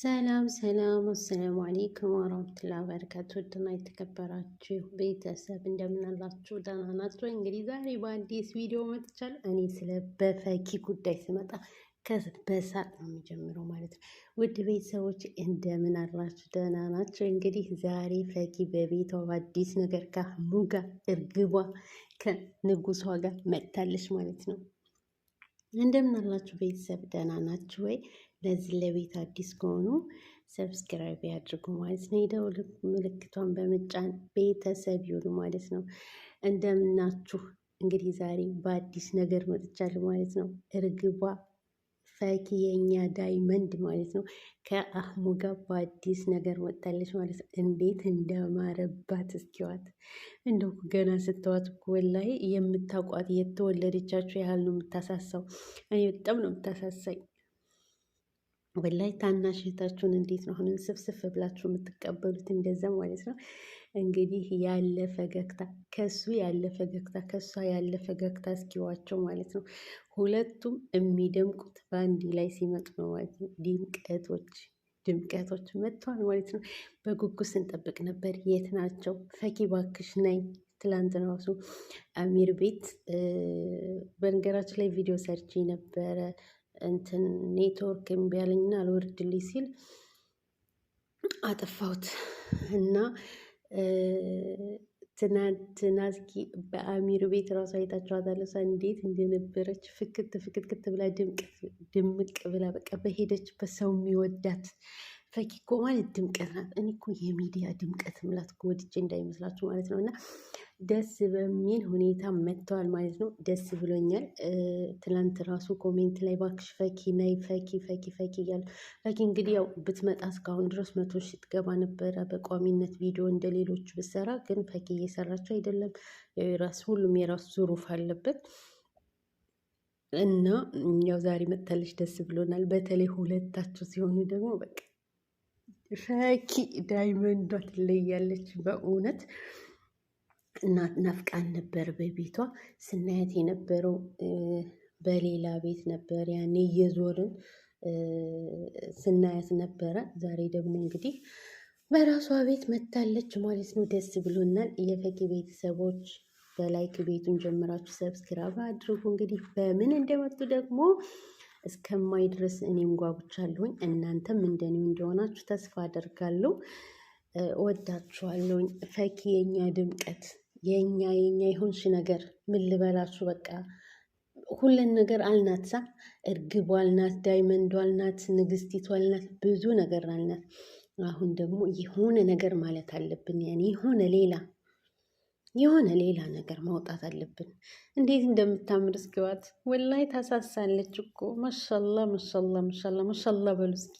ሰላም ሰላም፣ አሰላሙ አሌይኩም ወራህመቱላ በረካቱ። ውድና የተከበራችሁ ቤተሰብ እንደምናላችሁ ደህና ናችሁ? እንግዲህ ዛሬ በአዲስ ቪዲዮ መጥቻለሁ። እኔ ስለ በፈኪ ጉዳይ ስመጣ በሳቅ ነው የሚጀምረው ማለት ነው። ውድ ቤተሰቦች እንደምን አላችሁ? ደህና ናቸው። እንግዲህ ዛሬ ፈኪ በቤቷ በአዲስ ነገር ከአህሙ ጋር እርግቧ ከንጉሷ ጋር መጥታለች ማለት ነው። እንደምን አላችሁ ቤተሰብ ደህና ናችሁ ወይ? ለዚህ ለቤት አዲስ ከሆኑ ሰብስክራይብ ያድርጉ ማለት ነው። የደወል ምልክቷን በመጫን ቤተሰብ ይሁኑ ማለት ነው። እንደምናችሁ እንግዲህ ዛሬ በአዲስ ነገር መጥቻለሁ ማለት ነው። እርግቧ ፈኪ የእኛ ዳይመንድ ማለት ነው ከአህሙ ጋር በአዲስ ነገር ወጣለች ማለት ነው። እንዴት እንደማረባት እስኪዋት እንደው ገና ስተዋት ወላይ የምታውቋት የተወለደቻችሁ ያህል ነው የምታሳሳው። እኔ በጣም ነው የምታሳሳኝ። ወላይ ታናሽ እህታችሁን እንዴት ነው አሁን ስብስብ ብላችሁ የምትቀበሉት? እንደዛ ማለት ነው እንግዲህ ያለ ፈገግታ ከሱ ያለ ፈገግታ ከሷ ያለ ፈገግታ እስኪዋቸው ማለት ነው። ሁለቱም የሚደምቁት በአንድ ላይ ሲመጡ ነው ማለት ነው። ድምቀቶች ድምቀቶች መጥተዋል ማለት ነው። በጉጉት ስንጠብቅ ነበር። የት ናቸው? ፈኪ ባክሽ ነይ ትላንት ነው አሚር ቤት በነገራችን ላይ ቪዲዮ ሰርቼ ነበረ እንትን ኔትወርክ እምቢ አለኝና አልወርድልኝ ሲል አጠፋሁት እና ትናንትና በአሚር ቤት ራሱ አይታችኋታል። እሷ እንዴት እንደነበረች ፍክት ፍክት ክት ብላ ድምቅ ብላ በቃ በሄደችበት ሰው የሚወዳት ፈኪ እኮ ማለት ድምቀት ናት። እኔ እኮ የሚዲያ ድምቀት ምላት ወድጄ እንዳይመስላችሁ ማለት ነው። እና ደስ በሚል ሁኔታ መጥተዋል ማለት ነው። ደስ ብሎኛል። ትላንት ራሱ ኮሜንት ላይ ባክሽ ፈኪ ናይ ፈኪ ፈኪ ፈኪ እያሉ ፈኪ እንግዲህ ያው ብትመጣ እስካሁን ድረስ መቶ ሺ ትገባ ነበረ በቋሚነት ቪዲዮ እንደ ሌሎቹ ብሰራ። ግን ፈኪ እየሰራቸው አይደለም። የራሱ ሁሉም የራሱ ዙሩፍ አለበት እና ያው ዛሬ መጥተልሽ ደስ ብሎናል። በተለይ ሁለታቸው ሲሆኑ ደግሞ በቃ ፈኪ ዳይመንዷ ትለያለች በእውነት እናት ናፍቃን ነበር። በቤቷ ስናያት የነበረው በሌላ ቤት ነበር ያኔ እየዞርን ስናያት ነበረ። ዛሬ ደግሞ እንግዲህ በራሷ ቤት መታለች ማለት ነው። ደስ ብሎናል። የፈኪ ቤተሰቦች በላይክ ቤቱን ጀምራችሁ ሰብስክራይብ አድርጉ። እንግዲህ በምን እንደመጡ ደግሞ እስከማይ ድረስ እኔም ጓጉቻለሁኝ። እናንተም እንደኔው እንደሆናችሁ ተስፋ አደርጋለሁ። ወዳችኋለሁኝ። ፈኪ የኛ ድምቀት፣ የኛ የኛ የሆንሽ ነገር ምን ልበላችሁ በቃ ሁለን ነገር አልናትሳ እርግቡ አልናት፣ ዳይመንዱ አልናት፣ ንግስቲቱ አልናት፣ ብዙ ነገር አልናት። አሁን ደግሞ የሆነ ነገር ማለት አለብን። ያኔ የሆነ ሌላ የሆነ ሌላ ነገር ማውጣት አለብን። እንዴት እንደምታምር እስኪዋት! ወላይ ታሳሳለች እኮ ማሻላ ማሻላ ማሻላ ማሻላ በሉ እስኪ